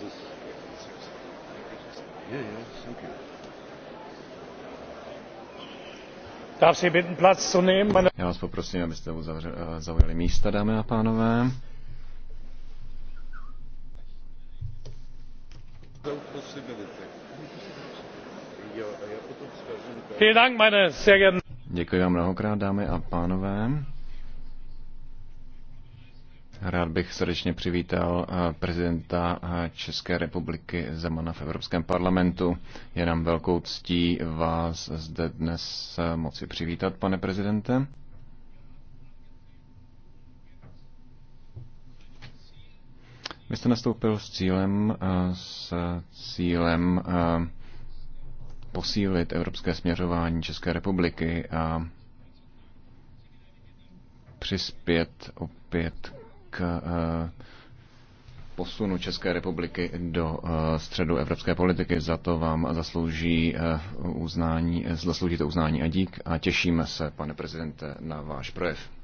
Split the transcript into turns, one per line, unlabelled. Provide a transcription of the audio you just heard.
this. Yeah, yeah, thank you.
Darf Sie bitten, Platz zu nehmen, meine Já vás poprosím, abyste eh, zaujali
místa, dámy a pánové. Děkuji vám mnohokrát, dámy a pánové. Rád bych srdečně přivítal eh, prezidenta eh, České republiky Zemana v Evropském parlamentu. Je nám velkou ctí vás zde dnes eh, moci přivítat, pane prezidente. Vy jste nastoupil s cílem, s cílem posílit evropské směřování České republiky a přispět opět k eh, posunu České republiky do eh, středu evropské politiky. Za to vám zaslouží eh, uznání, zasloužíte uznání a dík a těšíme se, pane prezidente, na váš projev.